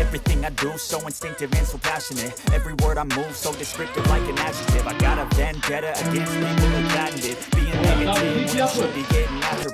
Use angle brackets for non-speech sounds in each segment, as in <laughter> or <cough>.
Everything I do, so instinctive and so passionate Every word I move, so descriptive like an adjective I got a vendetta against people who patented Being negative, should be getting after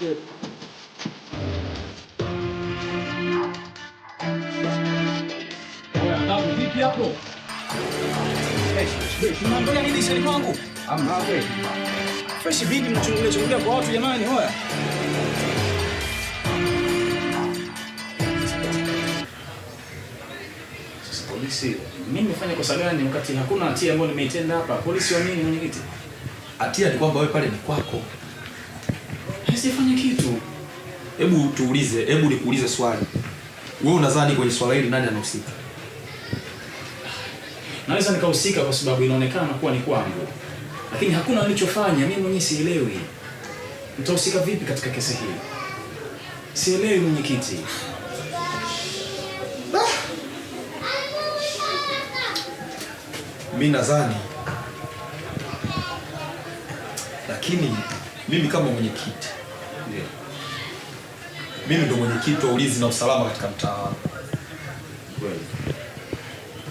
Good. Vipi kwa watu Polisi, mimi nimefanya kosa gani wakati hakuna hatia ambayo nimeitenda hapa? Polisi wa nini mwenyekiti? Hatia ni kwamba wewe pale ni kwako asifanye kitu. Hebu tuulize, hebu nikuulize swali. Wewe unadhani kwenye swala hili nani anahusika? Naweza nikahusika kwa sababu inaonekana kuwa ni kwangu, lakini hakuna alichofanya mimi mwenyewe. Sielewi mtahusika vipi katika kesi hii. Sielewi mwenyekiti. Mimi nadhani, lakini mimi kama mwenyekiti mimi ndio mwenyekiti wa ulinzi na usalama katika mtaa wangu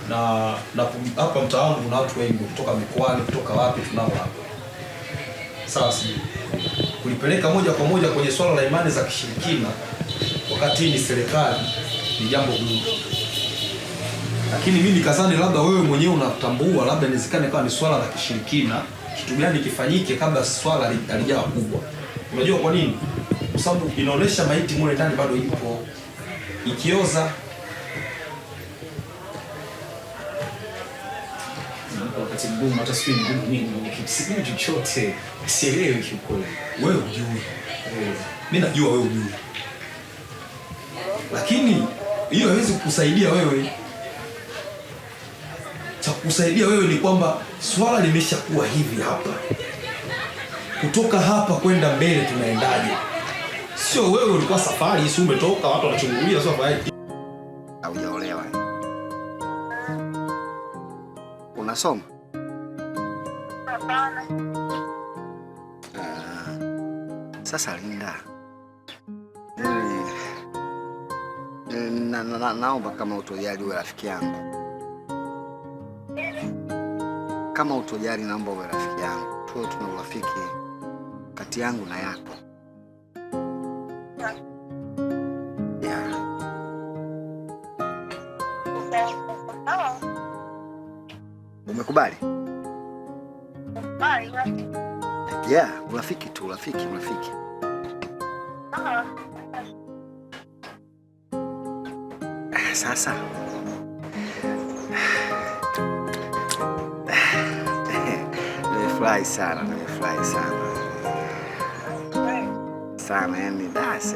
na na hapa mtaa wangu kuna watu wengi kutoka mikoani kutoka wapi tunao hapa. Sawa, Si kulipeleka moja kwa moja kwenye swala la imani za kishirikina wakati ni serikali ni jambo gumu, lakini mimi nikazani labda wewe mwenyewe unatambua, labda inawezekana kama ni swala la kishirikina, kitu gani kifanyike kabla swala halijawa kubwa. Unajua kwa nini? kwa sababu inaonesha maiti mule ndani bado ipo, ikioza wakati mgumu, hata sijui mgumu nini, sijui chochote, sielewi kiukweli. Wewe hujui, mimi najua wewe hujui, lakini hiyo haiwezi kukusaidia wewe. Cha kukusaidia wewe ni kwamba swala limeshakuwa hivi hapa, kutoka hapa kwenda mbele tunaendaje? sio wewe ulikuwa safari, si umetoka, watu wanachungulia sio safari. Haujaolewa. Unasoma? Hapana. sasa Linda. Na, na, naomba kama utojali uwe rafiki yangu. Kama utojali naomba uwe rafiki yangu. Tuwe tuna urafiki kati yangu na yako. Umekubali? Yeah, urafiki tu, urafiki, urafiki. Sasa <sighs> nimefurahi sana, nimefurahi sana. sana yani dasi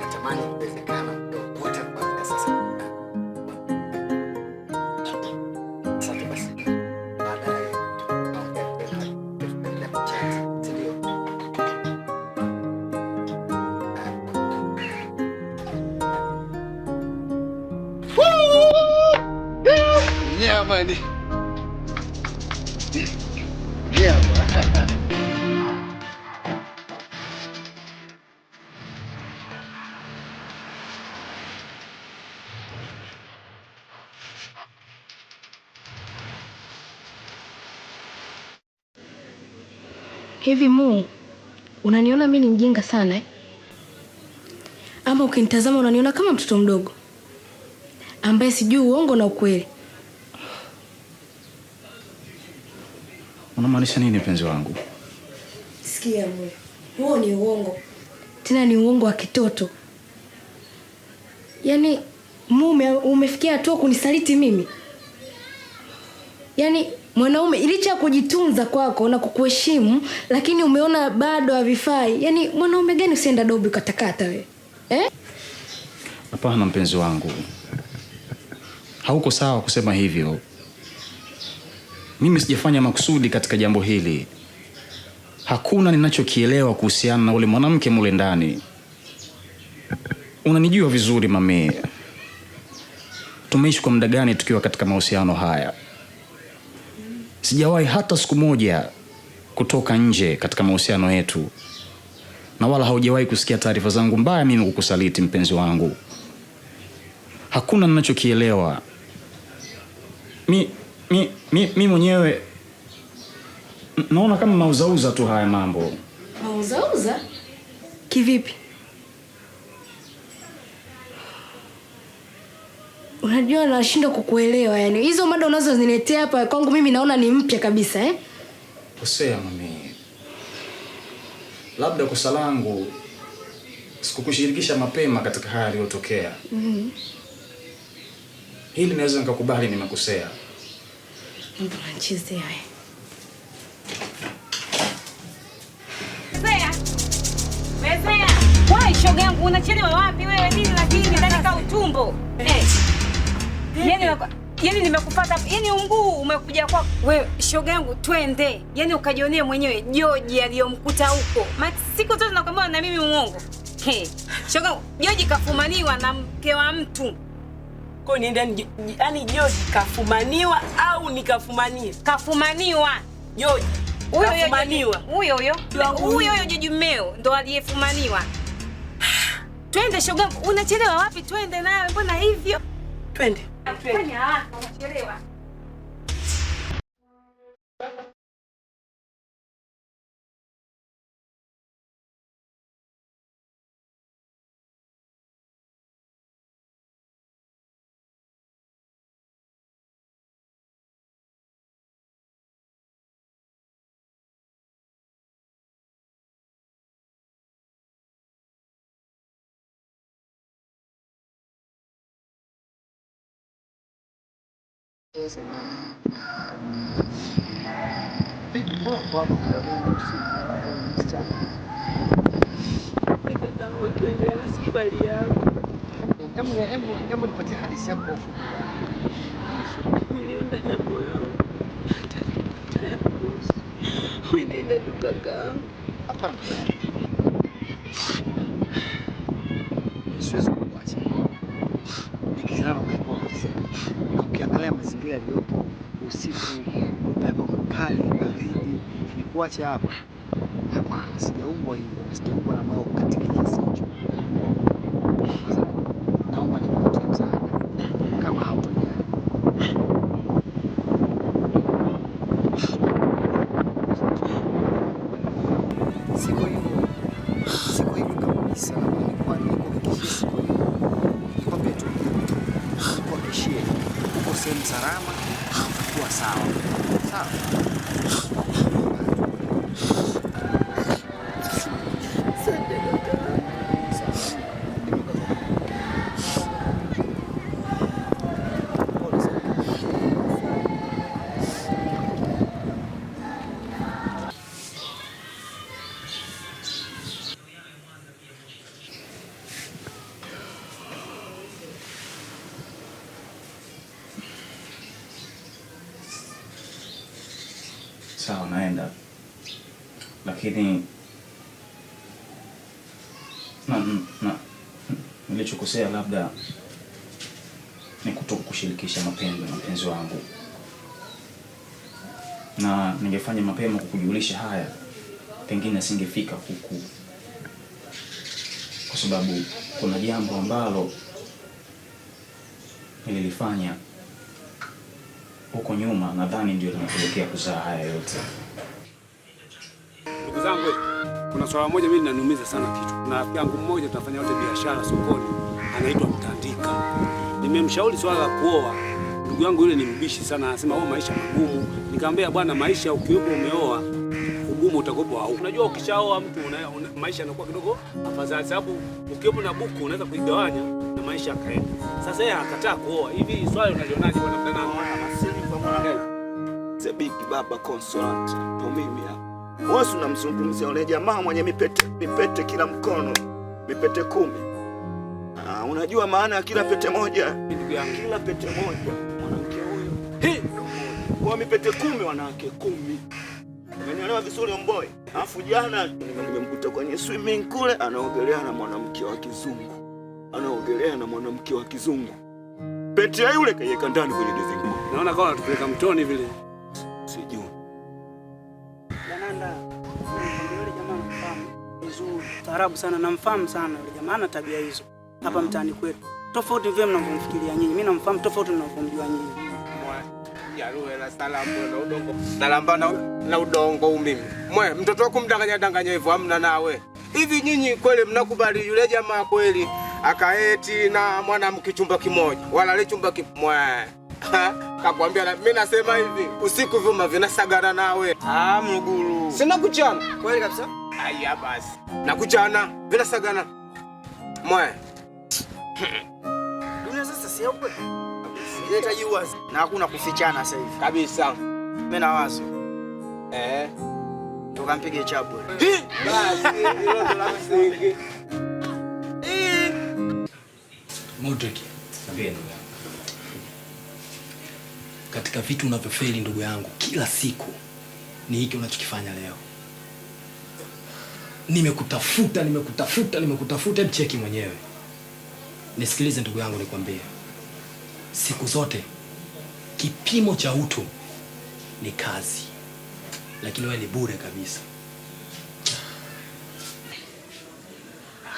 natamani kuwezekana kuanzia sasa. Hivi Mu, unaniona mimi ni mjinga sana eh? Ama ukinitazama unaniona kama mtoto mdogo ambaye sijui uongo na ukweli. Unamaanisha nini mpenzi wangu? Sikia Mu, huo ni uongo, tena ni uongo wa kitoto. Yaani Mu, umefikia hatua kunisaliti mimi, yaani mwanaume licha ya kujitunza kwako na kukuheshimu, lakini umeona bado havifai. Yaani mwanaume gani usienda dobi katakata we eh? Hapana mpenzi wangu, hauko sawa kusema hivyo. Mimi sijafanya makusudi katika jambo hili, hakuna ninachokielewa kuhusiana na ule mwanamke mule ndani. Unanijua vizuri mamee, tumeishi kwa muda gani tukiwa katika mahusiano haya? Sijawahi hata siku moja kutoka nje katika mahusiano yetu, na wala haujawahi kusikia taarifa zangu mbaya mimi kukusaliti, mpenzi wangu. Hakuna ninachokielewa mi, mi, mi, mi mwenyewe naona kama mauzauza tu haya mambo. Mauzauza kivipi? unajua nashindwa kukuelewa yani. Hizo mada unazoziletea hapa kwangu mimi naona ni mpya kabisa eh? Kosea mami, labda kosa langu sikukushirikisha mapema katika haya yaliyotokea. mm -hmm. Hili naweza nikakubali nimekosea. Unanichezea wewe. Shoga yangu unachelewa wapi wewe? Nini lakini ndani ka utumbo. Eh. Yaani yaani, yaani nimekupata yaani mguu umekuja kwa wewe shoga yangu twende. Yaani ukajionee mwenyewe George aliyomkuta huko. Maana siku zote nakwambia na mimi muongo. Hey. Shoga George kafumaniwa na mke wa mtu. Kwa nini ndani yaani George kafumaniwa au nikafumania? Kafumaniwa. George. Huyo huyo. Huyo huyo. Huyo huyo George mmeo ndo aliyefumaniwa. <sighs> Twende shoga, unachelewa wapi? Twende nawe, mbona hivyo? twende. Ah, Yes. safari yangu. Hebu hebu hebu nipatie hadithi yako kwa ufupi. duka yaliyopo usiku, upepo mkali, baridi. Nikuache hapa? Hapana, sijaumbwa hivyo, sijaumbwa na Mola katika kiasi lakini na, na nilichokosea labda ni kutokushirikisha mapendo na mpenzi wangu, na ningefanya mapema kukujulisha haya, pengine asingefika huku, kwa sababu kuna jambo ambalo nililifanya huko nyuma, nadhani ndio linapelekea kuzaa haya yote zangu, kuna swala moja mimi linaniumiza sana kitu. Na rafiki yangu mmoja tunafanya wote biashara sokoni, anaitwa Mtandika. Nimemshauri swala la kuoa, ndugu yangu yule ni mbishi sana, anasema wewe oh, maisha magumu. Nikamwambia bwana, maisha ukiwepo umeoa ugumu utakopo au. Unajua ukishaoa mtu una, una, maisha yanakuwa kidogo afadhali, sababu ukiwepo na buku unaweza kuigawanya na maisha yakaenda. Sasa yeye akakataa kuoa. Hivi swala unalionaje bwana Mtandika? Sebiki baba consultant, tumimia wewe unamzungumzia yule jamaa mwenye mipete, mipete kila mkono mipete kumi. Ah, unajua maana ya kila pete moja? Kila pete moja mwanamke huyo kwa mipete kumi, wanawake kumi. Umenielewa vizuri mboy? Alafu jana nimemkuta kwenye swimming kule anaogelea na mwanamke wa kizungu, anaogelea na mwanamke wa kizungu. Pete ya yule kaiweka ndani kwenye dizingu. Naona kama anatupeleka mtoni vile, sijui Ila yule jamaa namfahamu vizuri, taarabu sana, namfahamu sana yule jamaa na tabia hizo hapa mtaani kwetu, tofauti vile mnavyomfikiria nyinyi. Mimi namfahamu tofauti mnavyomjua nyinyi. Nalamba na, na udongo umimi mwe mtoto kumdanganya danganya hivyo amna. Nawe hivi nyinyi kweli mnakubali yule jamaa kweli akaeti na mwanamke chumba kimoja, walale chumba kimoja? Kakwambia na mimi nasema hivi, usiku vyuma vinasagara nawe. Ah, mguru. Sina kuchana. Kweli kabisa? Aya basi. Na kuchana vinasagana. Mwe. <clears throat> Dunia sasa si hapo. Leta wazi. na hakuna kufichana sasa hivi. Kabisa. Mimi na wazo. Eh. Tukampige chapo. <laughs> Basi, hilo ndo la msingi. Eh. <laughs> Mutiki. Sabieni katika vitu unavyofeli ndugu yangu kila siku ni hiki unachokifanya leo. Nimekutafuta, nimekutafuta, nimekutafuta, hebu cheki mwenyewe. Nisikilize ndugu yangu, nikwambie, siku zote kipimo cha utu ni kazi, lakini wewe ni bure kabisa.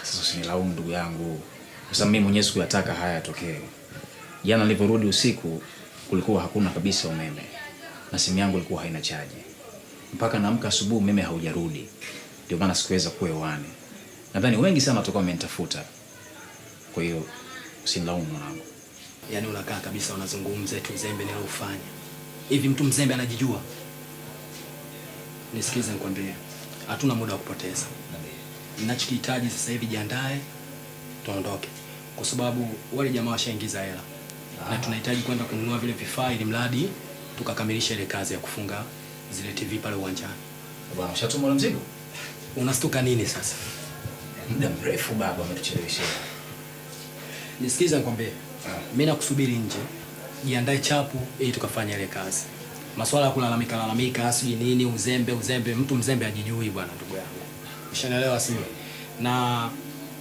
Sasa usinilaumu ndugu yangu, kwa sababu mimi mwenyewe sikuyataka haya yatokee. Jana niliporudi usiku kulikuwa hakuna kabisa umeme na simu yangu ilikuwa haina chaji. Mpaka naamka asubuhi umeme haujarudi. Ndio maana sikuweza kuwa hewani. Nadhani wengi sana watakuwa wamenitafuta. Kwa hiyo usinilaumu mwanangu. Yaani unakaa kabisa unazungumza tu uzembe nilofanya. Hivi mtu mzembe anajijua? Nisikize nikwambie. Hatuna muda wa kupoteza. Ninachokihitaji sasa hivi, jiandae tuondoke. Kwa sababu wale jamaa washaingiza hela na tunahitaji kwenda kununua vile vifaa ili mradi tukakamilisha ile kazi ya kufunga zile TV pale uwanjani. Baba ushatuma ule mzigo? Unastuka nini sasa? Muda mrefu baba umetuchelewesha. Nisikiza nikwambie. Ah. Mimi nakusubiri nje. Jiandae chapu ili tukafanya ile kazi. Masuala ya kulalamika lalamika, sijui nini, uzembe uzembe, mtu mzembe ajijui bwana ndugu yangu. Ushanielewa sio? Na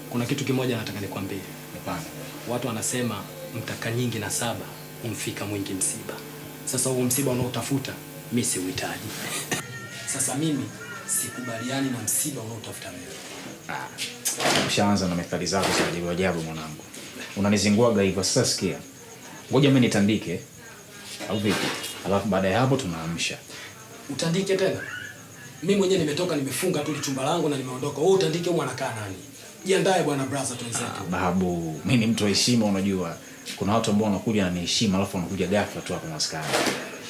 kuna kitu kimoja nataka nikwambie. Hapana. Watu wanasema mtaka nyingi na saba umfika mwingi msiba. Sasa huo msiba unaotafuta mimi siuhitaji. Sasa mimi sikubaliani na msiba unaotafuta mimi. Ah, ushaanza na methali zako za ajabu ajabu mwanangu. unanizingua gaiva. Sasa sikia, ngoja mimi nitandike au vipi? Alafu baada ya hapo tunaamsha. Utandike tena? Mimi mwenyewe nimetoka nimefunga tu chumba langu na nimeondoka. Wewe utandike, huko anakaa nani? Jiandae bwana brother, tuanze. Ah, babu, mimi ni mtu wa heshima unajua kuna watu ambao wanakuja na heshima alafu wanakuja ghafla tu hapo maskani.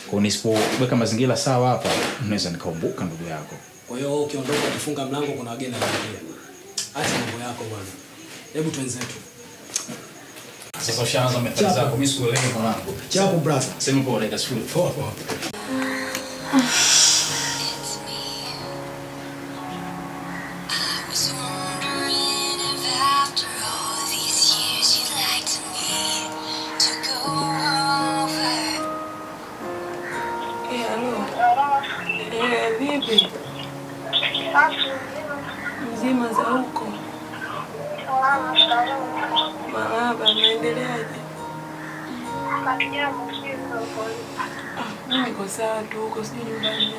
Kwa hiyo nisipoweka mazingira sawa hapa, unaweza nikaumbuka ndugu yako. Kwa hiyo ukiondoka ukifunga mlango, kuna wageni wanaingia. Acha mambo yako bwana, hebu twende tuenzetu sasa. Ushaanza methali zako, mimi sikuelewi mwanangu. Chapo brother, sema kwa dakika sifuri. Poa poa. Mimi ah, niko sawa tu huko, sijui nyumbani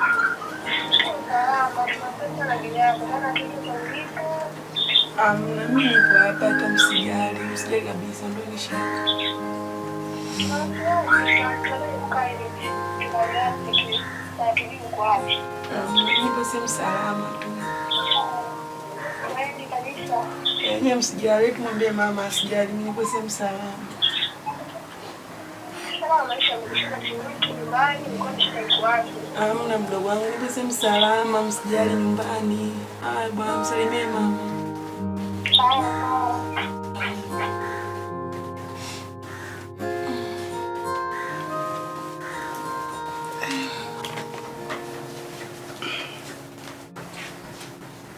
hapa. Ah, mimi niko hapa, hata msijali, msijali kabisa, ndio nishaka ah, niko sehemu salama tu. Eh, msijali, tumwambie mama asijali, niko sehemu salama. Amna mdogo wangu, pese msalama, msijali nyumbani. Haya bwana, msalimie mama.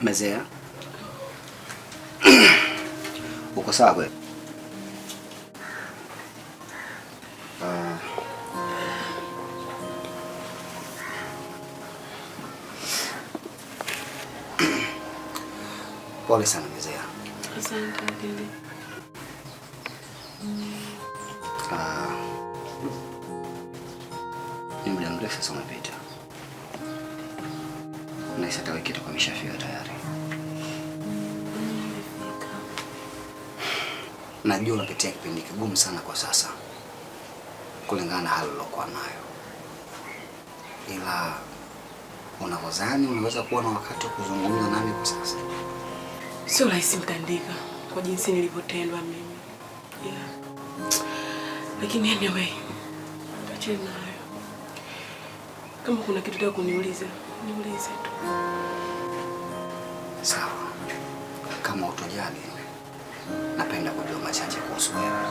Mazea, <clears throat> uko sawa kweli? Pole sana mzee. Asante Ah. Ni muda mrefu sana umepita. Na sasa tawe kitu kama tayari. Najua unapitia kipindi kigumu sana kwa sasa kulingana na hali ulokuwa nayo, ila unavyozani unaweza kuwa na wakati wa kuzungumza nami kwa sasa. Sio rahisi Mtandika, kwa jinsi nilivyotendwa mimi yeah. Lakini anyway, tuachane nayo. Kama kuna kitu cha kuniuliza niulize tu, sawa? Kama utojali, napenda kujua machache kuhusu wewe.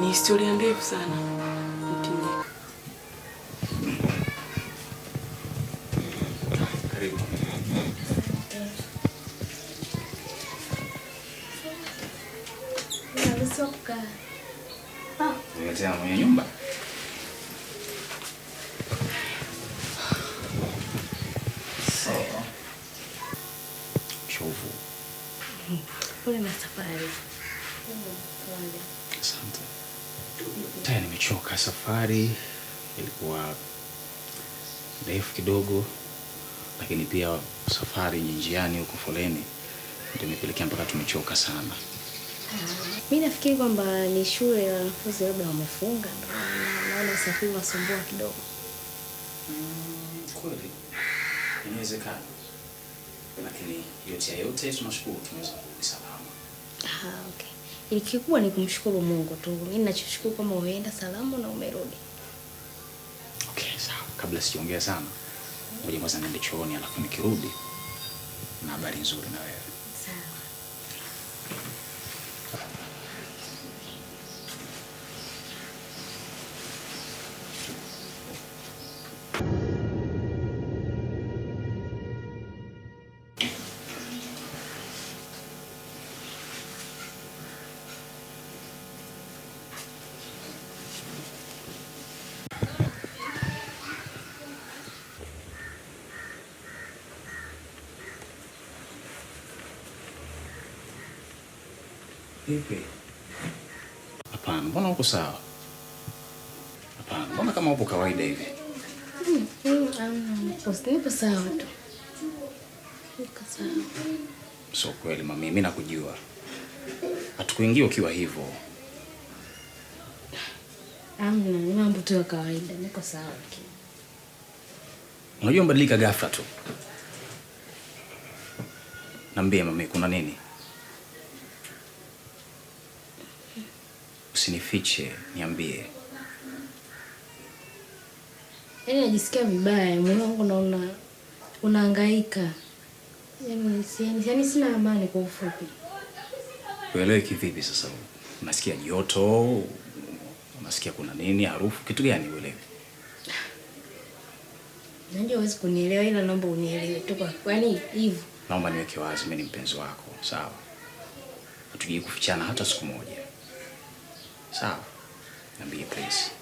Ni historia ndefu sana chovu. Pole safari. nimechoka, safari ilikuwa ndefu kidogo, lakini pia safari njiani huko foleni ndio imepelekea mpaka tumechoka sana. Mi nafikiri kwamba ni shule ya wanafunzi labda wamefunga, naona safari wasumbua kidogo. Mm, kweli inawezekana lakini yote ya yote tunashukuru tumeweza kurudi salama. Ah, okay. Ili kikubwa ni kumshukuru Mungu tu. Mimi ninachoshukuru kama umeenda salama na umerudi. Okay, sawa. Kabla sijaongea sana, ngoja kwanza niende chooni alafu nikirudi na habari nzuri na wewe. vipi? Hapana, mbona uko sawa? Hapana, mbona kama upo kawaida hivi? Nipo So kweli mami, mimi nakujua, hatukuingia ukiwa hivyo. Unajua mbadilika ghafla tu. Nambie mami, kuna nini? Usinifiche, niambie. Yaani najisikia vibaya, moyo wangu naona unahangaika, yaani sina amani. Kwa ufupi, uelewe kivipi? Sasa unasikia joto, unasikia kuna nini, harufu, kitu gani? Uelewe. Najua huwezi kunielewa, ila naomba unielewe tu, kwani hivyo. Naomba niweke wazi, mimi ni mpenzi wako, sawa? Hatujui kufichana hata siku moja. So, i will be a place.